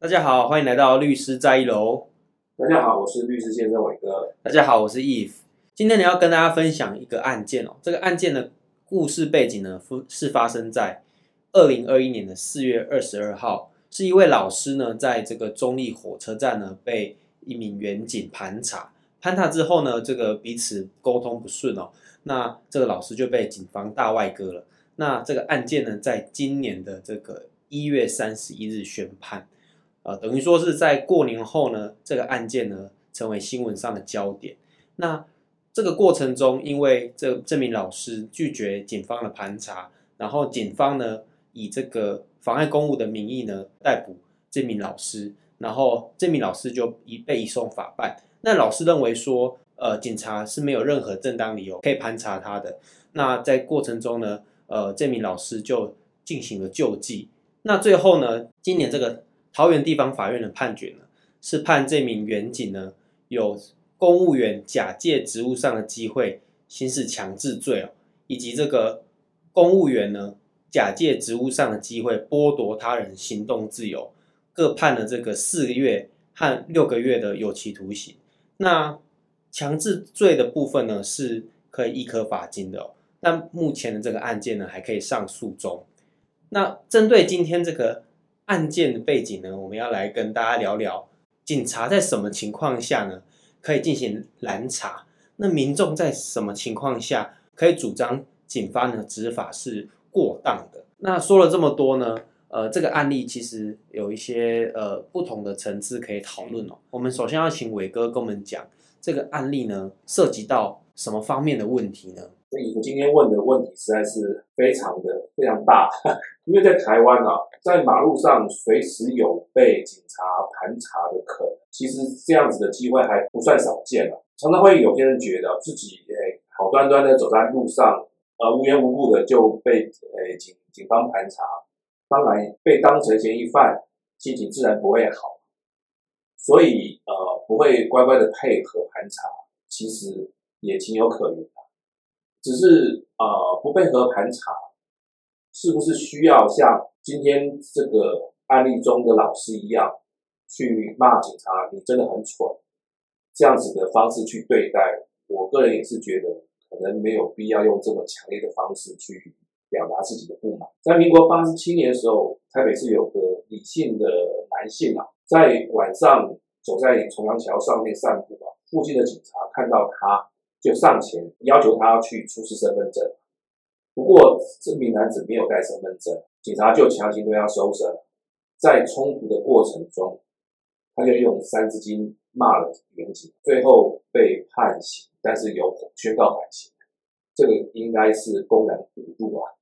大家好，歡迎來到律師在一樓。大家好，我是律師先生瑋哥。大家好，我是 Eve。今天呢，要跟大家分享一個案件哦。這個案件的故事背景呢，是發生在二零二一年的四月二十二號，是一位老師呢，在這個中壢火車站呢，被一名員警盤查。盤查之後呢，這個彼此溝通不順哦，那這個老師就被警方大外割了。那這個案件呢，在今年的這個一月三十一日宣判。呃，等於說是在過年後呢，這個案件呢成為新聞上的焦點。那這個過程中，因為這這名老師拒絕警方的盤查，然後警方呢以這個妨礙公務的名義呢逮捕這名老師，然後這名老師就以被移送法辦。那老師認為說，呃，警察是沒有任何正當理由可以盤查他的。那在過程中呢，呃，這名老師就進行了救濟。那最後呢，今年這個。桃園地方法院的判決呢，是判這名員警呢有公務員假借職務上的機會，行使強制罪哦，以及這個公務員呢假借職務上的機會剝奪他人行動自由，各判了這個四個月和六個月的有期徒刑。那強制罪的部分呢是可以易科罰金的哦，但目前的這個案件呢還可以上訴中。那針對今天這個。案件的背景呢，我們要來跟大家聊聊警察在什麼情況下呢可以進行攔查？那民眾在什麼情況下可以主張警方的執法是過當的？那說了這麼多呢，呃，這個案例其實有一些呃不同的層次可以討論哦。我們首先要請瑋哥跟我們講這個案例呢涉及到什麼方面的問題呢？所以，我今天問的問題實在是非常的非常大， 因為在台灣啊，在馬路上隨時有被警察盤查的可能，其實這樣子的機會還不算少見啊，常常會有些人覺得自己誒、欸，好端端的走在路上，呃，無緣無故的就被誒、欸、警警方盤查，當然被當成嫌疑犯，心情自然不會好，所以呃，不會乖乖的配合盤查，其實也情有可原的、啊。只是呃，不配合盤查，是不是需要像今天這個案例中的老師一樣，去罵警察，你真的很蠢，這樣子的方式去對待？我個人也是覺得可能沒有必要用這麼強烈的方式去表達自己的不滿。在民國八十七年的時候，台北市有個李姓的男性啊，在晚上走在重陽橋上面散步啊，附近的警察看到他。就上前要求他要去出示身份證，不過這名男子沒有帶身份證，警察就強行對他搜身。在衝突的過程中，他就用三字經罵了民警，最後被判刑，但是有宣告緩刑。這個應該是公然侮辱啊！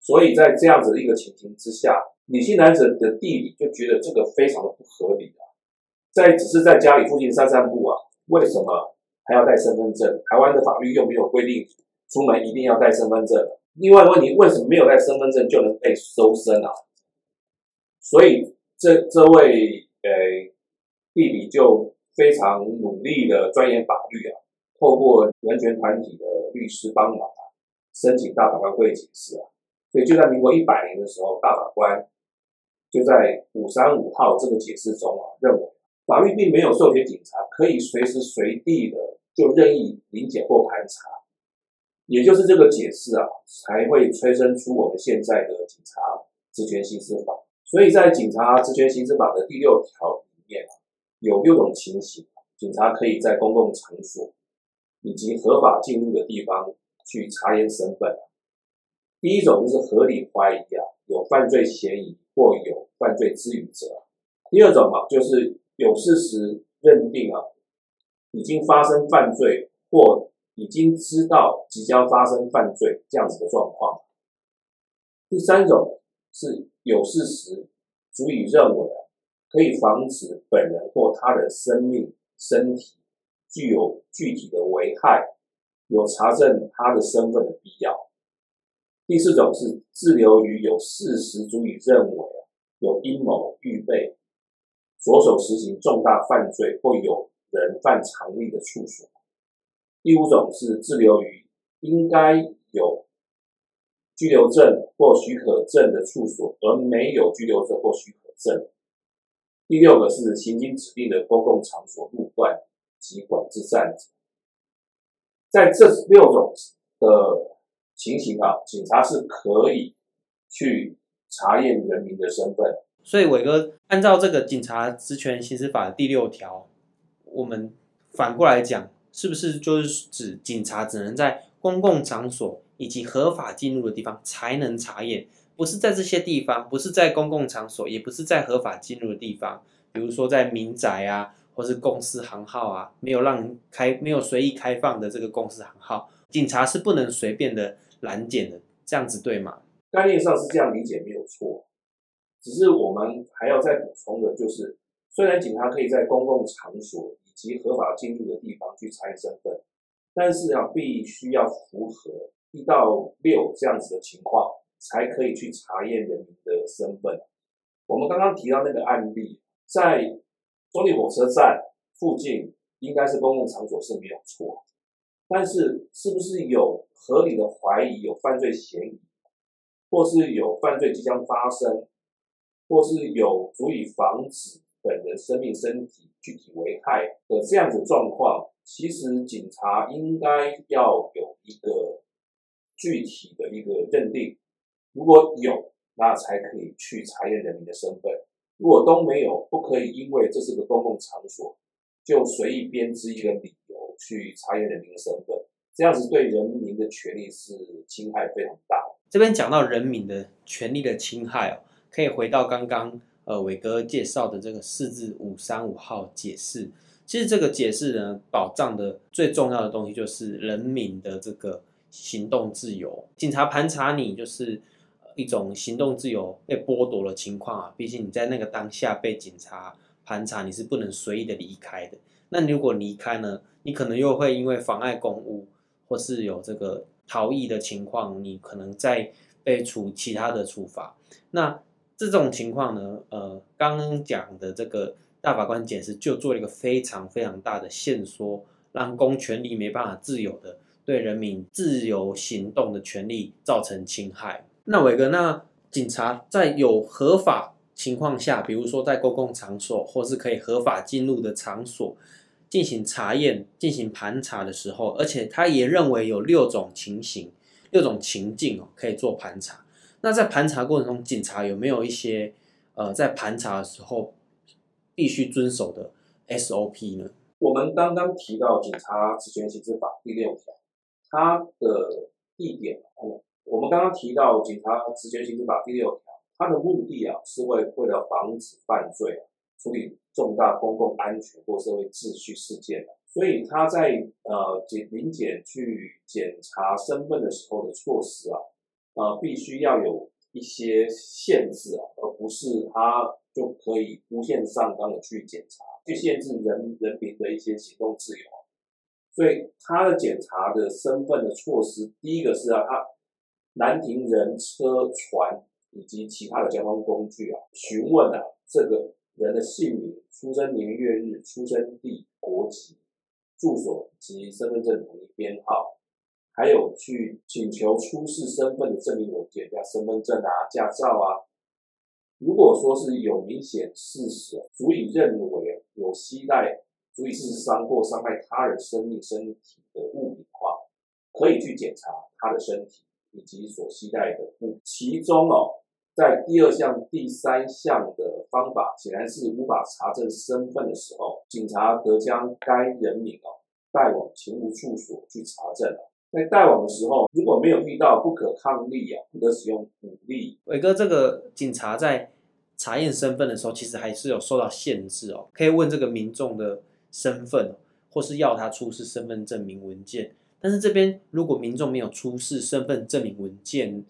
所以在這樣子的一個情形之下，女性男子的弟弟就覺得這個非常的不合理啊，在只是在家裡附近散散步啊，為什麼？還要帶身份證，台灣的法律又沒有規定出門一定要帶身份證的。另外的問題，為什麼沒有帶身份證就能被搜身啊？所以這這位誒、欸、弟弟就非常努力的鑽研法律啊，透過人權團體的律師幫忙啊，申請大法官會解釋啊。所以就在民國一百年的時候，大法官就在五三五號這個解釋中啊，認為。法律並沒有授權警察可以隨時隨地的就任意臨檢或盤查，也就是這個解釋啊，才會催生出我們現在的警察職權行使法。所以在警察職權行使法的第六條裡面有六種情形，警察可以在公共場所以及合法進入的地方去查驗身份。第一種就是合理懷疑啊，有犯罪嫌疑或有犯罪之虞者，第二種啊就是。有事實認定啊，已經發生犯罪或已經知道即將發生犯罪這樣子的狀況。第三種是有事實足以認為可以防止本人或他的生命、身體具有具體的危害，有查證他的身份的必要。第四種是滯留於有事實足以認為有陰謀預備。着手實行重大犯罪或有人犯常例的處所。第五種是滯留於應該有居留證或許可證的處所而沒有居留證或許可證。第六個是行經指定的公共場所路段及管制站者。在這六種的情形啊，警察是可以去查驗人民的身份。所以瑋哥，按照這個《警察職權行使法》的第六條，我們反過來講，是不是就是指警察只能在公共場所以及合法進入的地方才能查驗？不是在這些地方，不是在公共場所，也不是在合法進入的地方，比如說在民宅啊，或是公司行號啊，沒有讓開，沒有隨意開放的這個公司行號，警察是不能隨便的攔檢的，這樣子對嗎？概念上是這樣理解，沒有錯。只是我們還要再補充的，就是雖然警察可以在公共場所以及合法進入的地方去查驗身份，但是啊，必須要符合一到六這樣子的情況，才可以去查驗人民的身份。我們剛剛提到那個案例，在中壢火車站附近應該是公共場所是沒有錯，但是是不是有合理的懷疑有犯罪嫌疑，或是有犯罪即將發生？或是有足以防止本人生命、身體具體危害的這樣子狀況，其實警察應該要有一個具體的一個認定。如果有，那才可以去查驗人民的身份；如果都沒有，不可以因為這是個公共場所，就隨意編織一個理由去查驗人民的身份。這樣子對人民的權利是侵害非常大的。這邊講到人民的權利的侵害哦。可以回到剛剛呃，瑋哥介紹的這個釋字五三五號解釋。其實這個解釋呢，保障的最重要的東西就是人民的這個行動自由。警察盤查你，就是一種行動自由被剝奪的情況啊。畢竟你在那個當下被警察盤查，你是不能隨意的離開的。那你如果離開呢，你可能又會因為妨礙公務，或是有這個逃逸的情況，你可能再被處其他的處罰。那這種情況呢，呃，剛剛講的這個大法官解釋就做了一個非常非常大的限縮，讓公權力沒辦法自由的對人民自由行動的權利造成侵害。那瑋哥，那警察在有合法情況下，比如說在公共場所或是可以合法進入的場所進行查驗、進行盤查的時候，而且他也認為有六種情形、六種情境哦，可以做盤查。那在盤查過程中，警察有沒有一些，呃，在盤查的時候必須遵守的 SOP 呢？我剛剛的、啊？我們剛剛提到《警察職權行使法》第六條，它的地點我們剛剛提到《警察職權行使法》第六條，它的目的啊，是為為了防止犯罪啊，處理重大公共安全或社會秩序事件、啊、所以他在呃，臨檢去檢查身份的時候的措施啊。呃，必須要有一些限制啊，而不是他就可以無限上綱的去檢查，去限制人人民的一些行動自由啊。所以他的檢查的身份的措施，第一個是讓、啊、他攔停人車船以及其他的交通工具啊，詢問啊這個人的姓名、出生年月日、出生地、國籍、住所及身份證統一編號。還有去請求出示身份的證明文件，像身份證啊、駕照啊。如果說是有明顯事實，足以認為有攜帶足以致傷或傷害他人生命、身體的物品的話，可以去檢查他的身體以及所攜帶的物。其中哦，在第二項、第三項的方法顯然是無法查證身份的時候，警察得將該人民哦帶往勤務處所去查證哦。在帶往的時候，如果沒有遇到不可抗力啊，不得使用武力。瑋哥，這個警察在查驗身份的時候，其實還是有受到限制哦。可以問這個民眾的身份，或是要他出示身份證明文件。但是這邊如果民眾沒有出示身份證明文件，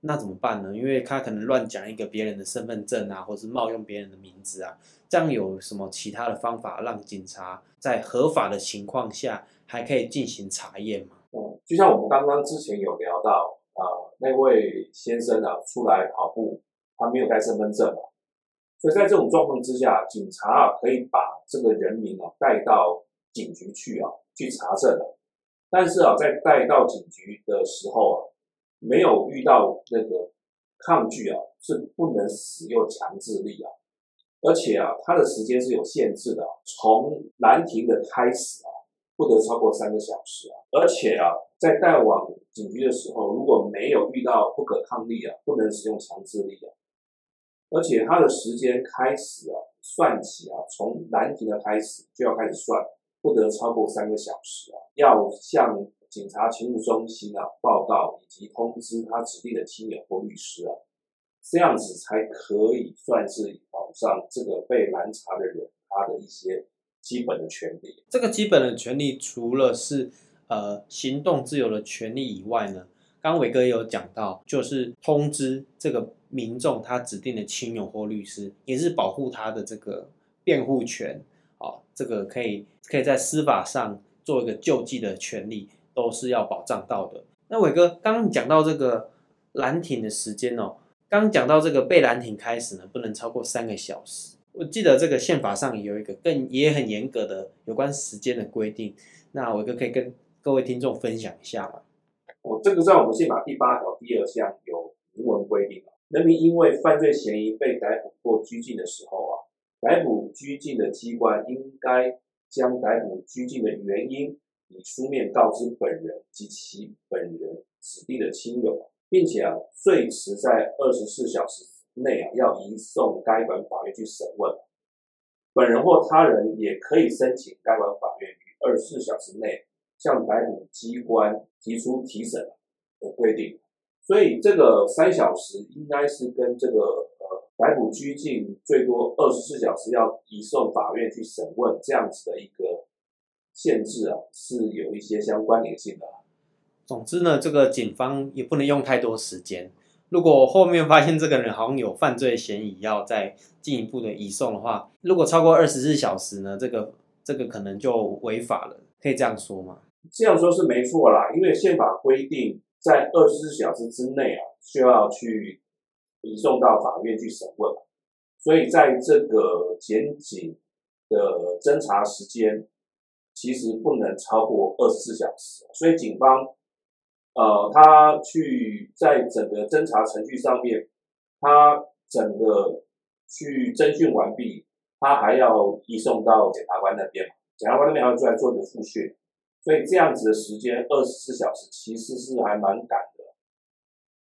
那怎麼辦呢？因為他可能亂講一個別人的身份證啊，或是冒用別人的名字啊，這樣有什麼其他的方法讓警察在合法的情況下還可以進行查驗嗎？嗯，就像我們剛剛之前有聊到啊，呃，那位先生啊，出來跑步，他沒有帶身份證啊，所以在這種狀況之下，警察啊可以把這個人民啊帶到警局去啊，去查證啊。但是啊，在帶到警局的時候啊，沒有遇到那個抗拒啊，是不能使用強制力啊，而且啊，他的時間是有限制的，從攔停的開始啊。不得超過三個小時啊！而且啊，在帶往警局的時候，如果沒有遇到不可抗力啊，不能使用強制力啊。而且他的時間開始啊，算起啊，從攔停的開始就要開始算，不得超過三個小時啊。要向警察勤務中心啊報告以及通知他指定的親友或律師啊，這樣子才可以算是保障這個被攔查的人他的一些。基本的權利，這個基本的權利除了是呃行動自由的權利以外呢，剛剛偉哥也有講到，就是通知這個民眾他指定的親友或律師，也是保護他的這個辯護權啊，哦，這個可以可以在司法上做一個救濟的權利，都是要保障到的。那偉哥剛剛講到這個攔停的時間哦，剛講到這個被攔停開始呢，不能超過三個小時。我記得這個憲法上有一個更也很嚴格的有關時間的規定，那瑋哥可以跟各位聽眾分享一下吧？哦，這個在我們憲法第八條第二項有明文規定啊，人民因為犯罪嫌疑被逮捕或拘禁的時候啊，逮捕拘禁的機關應該將逮捕拘禁的原因以書面告知本人及其本人指定的親友，並且啊最遲在二十四小時。內啊，要移送該管法院去審問，本人或他人也可以申請該管法院於二十四小時內向逮捕機關提出提審的規定。所以這個三小時應該是跟這個呃逮捕拘禁最多二十四小時要移送法院去審問這樣子的一個限制啊，是有一些相關聯性的。總之呢，這個警方也不能用太多時間。如果我後面發現這個人好像有犯罪嫌疑，要再進一步的移送的話，如果超過二十四小時呢，這個這個可能就違法了，可以這樣說嗎？這樣說是沒錯啦，因為憲法規定在二十四小時之內啊，需要去移送到法院去審問，所以在這個檢警的偵查時間，其實不能超過二十四小時，所以警方，呃，他去在整個偵查程序上面，他整個去偵訊完畢，他還要移送到檢察官那邊嘛，檢察官那邊還要再做一個複訊，所以這樣子的時間二十四小時其實是還蠻趕的。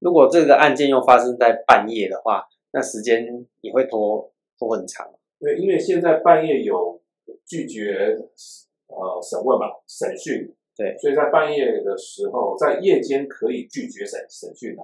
如果這個案件又發生在半夜的話，那時間也會拖拖很長。對，因為現在半夜有拒絕呃審問嘛，審訊。對，所以在半夜的時候，在夜間可以拒絕審審訊的，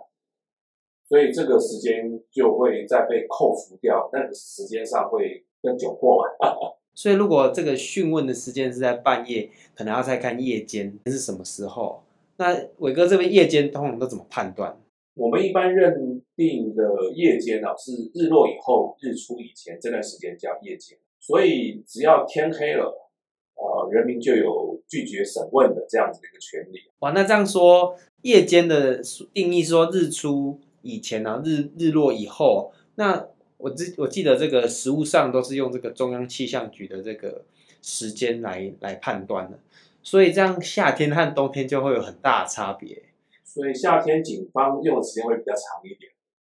所以這個時間就會再被扣除掉，那個時間上會更久過完。 所以如果這個訊問的時間是在半夜，可能要再看夜間是什麼時候。那偉哥這邊夜間通常都怎麼判斷？我們一般認定的夜間啊，是日落以後、日出以前這段時間叫夜間。所以只要天黑了，呃，人民就有拒絕審問的這樣子的一個權利。哇，那這樣說，夜間的定義說日出以前啊，日日落以後。那我記我記得這個實務上都是用這個中央氣象局的這個時間來來判斷的。所以這樣夏天和冬天就會有很大的差別。所以夏天警方用的時間會比較長一點，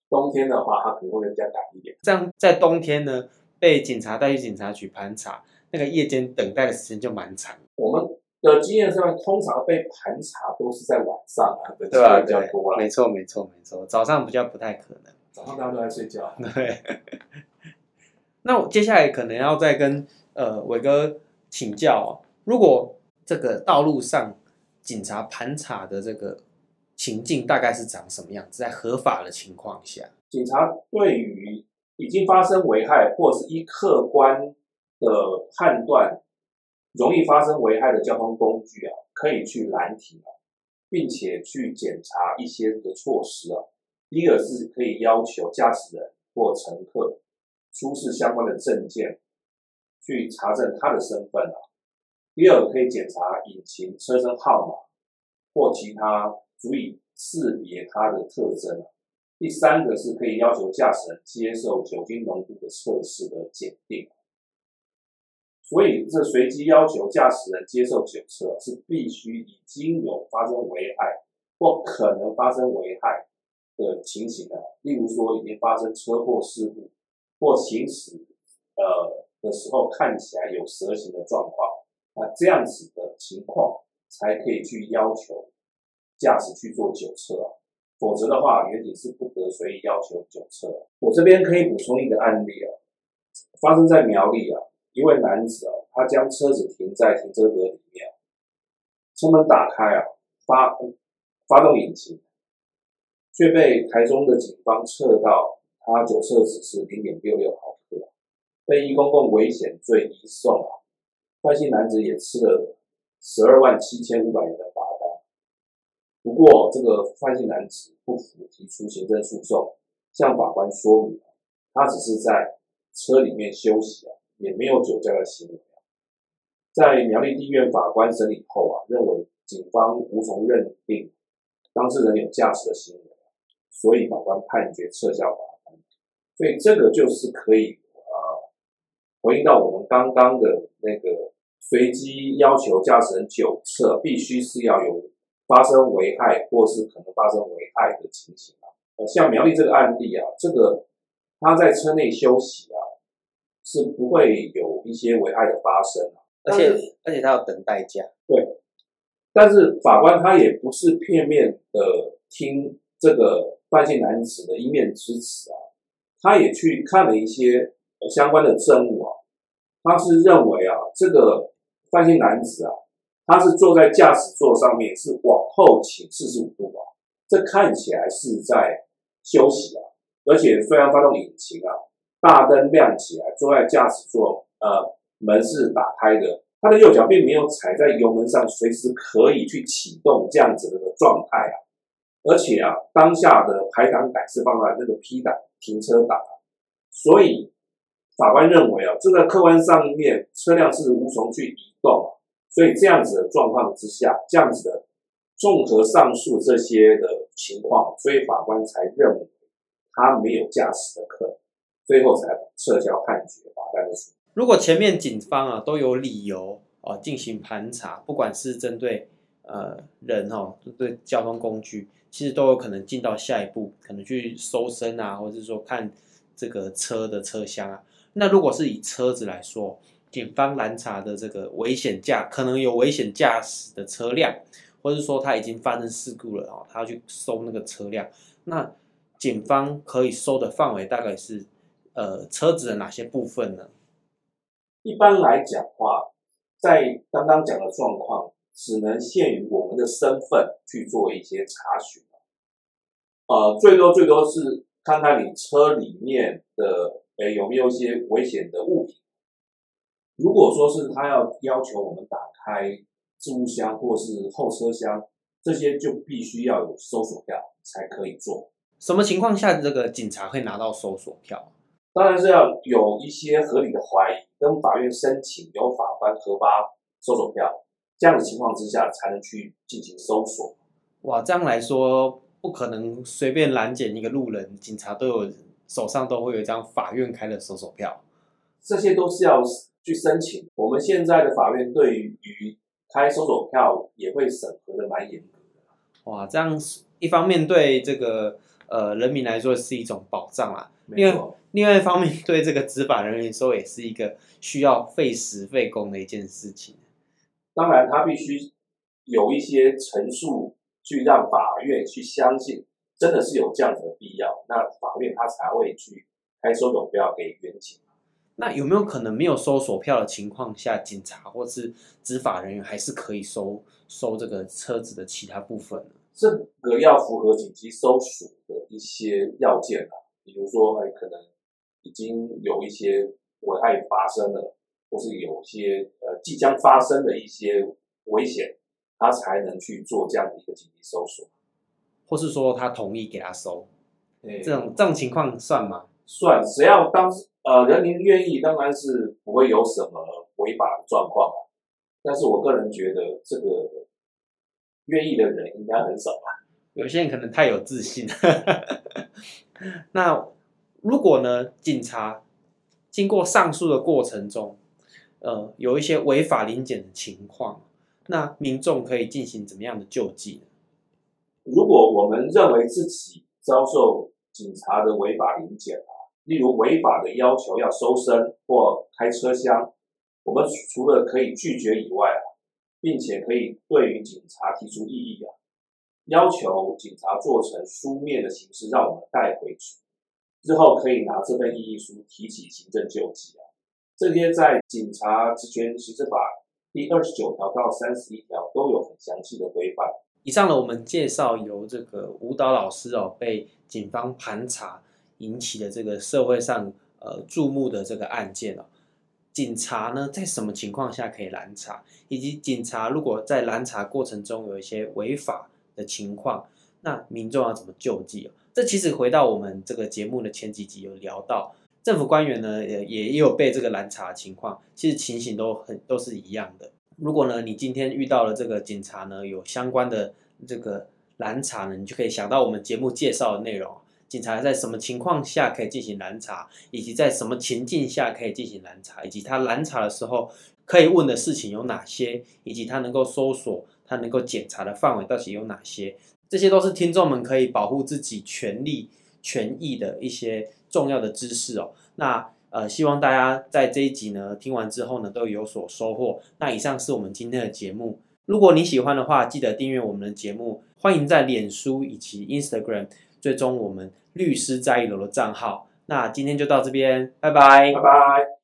冬天的話它可能會比較短一點。這樣在冬天呢，被警察帶去警察局盤查，那個夜間等待的時間就蠻長。我們。的經驗上，通常被盤查都是在晚上啊，比較多了，啊啊。沒錯，沒錯，沒錯。早上比較不太可能，早上大家都在睡覺啊。對。 那我接下來可能要再跟呃瑋哥請教，啊，如果這個道路上警察盤查的這個情境大概是長什麼樣子？在合法的情況下，警察對於已經發生危害，或是依客觀的判斷。容易發生危害的交通工具啊，可以去攔停啊，並且去檢查一些的措施啊。第一個是可以要求駕駛人或乘客出示相關的證件，去查證他的身份啊。第二個可以檢查引擎、車身號碼或其他足以識別他的特徵啊。第三個是可以要求駕駛人接受酒精濃度的測試的檢定啊。所以，這隨機要求駕駛人接受酒測，是必須已經有發生危害或可能發生危害的情形的，啊，例如說已經發生車禍事故，或行駛呃的時候看起來有蛇行的狀況，那這樣子的情況才可以去要求駕駛去做酒測啊。否則的話，原則是不得隨意要求酒測。我這邊可以補充一個案例啊，發生在苗栗啊。一位男子啊，他將車子停在停車格裡面，車門打開啊，發、哦、發動引擎，卻被台中的警方測到他酒測值是零點六六毫克，被依公共危險罪移送啊。范姓男子也吃了十二萬七千五百元的罰單，不過這個范姓男子不服，提出行政訴訟，向法官說明，他只是在車裡面休息啊。也沒有酒駕的行為，在苗栗地院法官審理後啊，認為警方無從認定當事人有駕駛的行為，所以法官判決撤銷罰單。所以這個就是可以、啊、回應到我們剛剛的那個隨機要求駕駛人酒測，必須是要有發生危害或是可能發生危害的情形啊。像苗栗這個案例啊，這個他在車內休息啊。是不會有一些危害的發生、啊、而且而且他要等代價。對，但是法官他也不是片面的聽這個范姓男子的一面之詞啊，他也去看了一些相關的證物啊。他是認為啊，這個范姓男子啊，他是坐在駕駛座上面是往後傾四十五度啊，這看起來是在休息啊，嗯、而且非常發動引擎啊。大燈亮起來，坐在駕駛座，呃，門是打開的，他的右腳並沒有踩在油門上，隨時可以去啟動這樣子的狀態啊。而且啊，當下的排擋桿是放在那個 P 檔，停車檔，所以法官認為啊，這個客觀上面車輛是無從去移動，所以這樣子的狀況之下，這樣子的綜合上述這些的情況，所以法官才認為他沒有駕駛的可能。最後才撤銷判決，罰單的事。如果前面警方啊都有理由啊進行盤查，不管是針對呃人哦，對交通工具，其實都有可能進到下一步，可能去搜身啊，或者說看這個車的車廂啊。那如果是以車子來說，警方攔查的這個危險駕，可能有危險駕駛的車輛，或者是說他已經發生事故了哦，他要去搜那個車輛，那警方可以搜的範圍大概是。呃，車子的哪些部分呢？一般來講的話，在剛剛講的狀況，只能限於我們的身份去做一些查詢。呃，最多最多是看看你車裡面的，哎、呃，有沒有一些危險的物品。如果說是他要要求我們打開置物箱或是後車廂，這些就必須要有搜索票才可以做。什麼情況下這個警察會拿到搜索票？當然是要有一些合理的懷疑，跟法院申請，由法官核發搜索票，這樣的情況之下，才能去進行搜索。哇，這樣來說，不可能隨便攔截一個路人，警察都有，手上都會有一張法院開的搜索票，這些都是要去申請。我們現在的法院對於開搜索票也會審核得蠻嚴格的。哇，這樣一方面對這個呃人民來說是一種保障啦、啊，沒有另外一方面，對這個執法人員說，也是一個需要費時費工的一件事情。當然，他必須有一些陳述去讓法院去相信，真的是有這樣的必要，那法院他才會去開搜索票給員警。那有沒有可能沒有搜索票的情況下，警察或是執法人員還是可以搜，搜這個車子的其他部分呢？這個要符合緊急搜索的一些要件吧、啊，比如說，哎、呃，可能。已經有一些危害發生了，或是有一些呃即將發生的一些危險，他才能去做這樣的一個緊急搜索，或是說他同意給他搜，這種對這種情況算嗎？算，只要當呃人民願意，當然是不會有什麼違法的狀況。但是我個人覺得，這個願意的人應該很少吧、啊？有些人可能太有自信了。 那。如果呢，警察經過上述的過程中，呃，有一些違法臨檢的情況，那民眾可以進行怎麼樣的救濟呢？如果我們認為自己遭受警察的違法臨檢啊，例如違法的要求要搜身或開車廂，我們除了可以拒絕以外啊，並且可以對於警察提出異議啊，要求警察做成書面的形式讓我們帶回去。之後可以拿這份異議書提起行政救濟啊。這些在《警察職權行使法》第二十九條到三十一條都有很詳細的規範。以上呢，我們介紹由這個舞蹈老師哦被警方盤查引起的這個社會上呃注目的這個案件哦。警察呢，在什麼情況下可以攔查？以及警察如果在攔查過程中有一些違法的情況，那民眾要怎麼救濟啊？這其實回到我們這個節目的前幾集有聊到，政府官員呢也也有被這個攔查的情況，其實情形都很都是一樣的。如果呢你今天遇到了這個警察呢有相關的這個攔查呢，你就可以想到我們節目介紹的內容，警察在什麼情況下可以進行攔查，以及在什麼情境下可以進行攔查，以及他攔查的時候可以問的事情有哪些，以及他能夠搜索，他能夠檢查的範圍到底有哪些。這些都是聽眾們可以保護自己權利權益的一些重要的知識哦。那呃，希望大家在這一集呢聽完之後呢都有所收穫。那以上是我們今天的節目。如果你喜歡的話，記得訂閱我們的節目，歡迎在臉書以及 Instagram，最終我們律師在一樓的賬號。那今天就到這邊，拜拜，拜拜。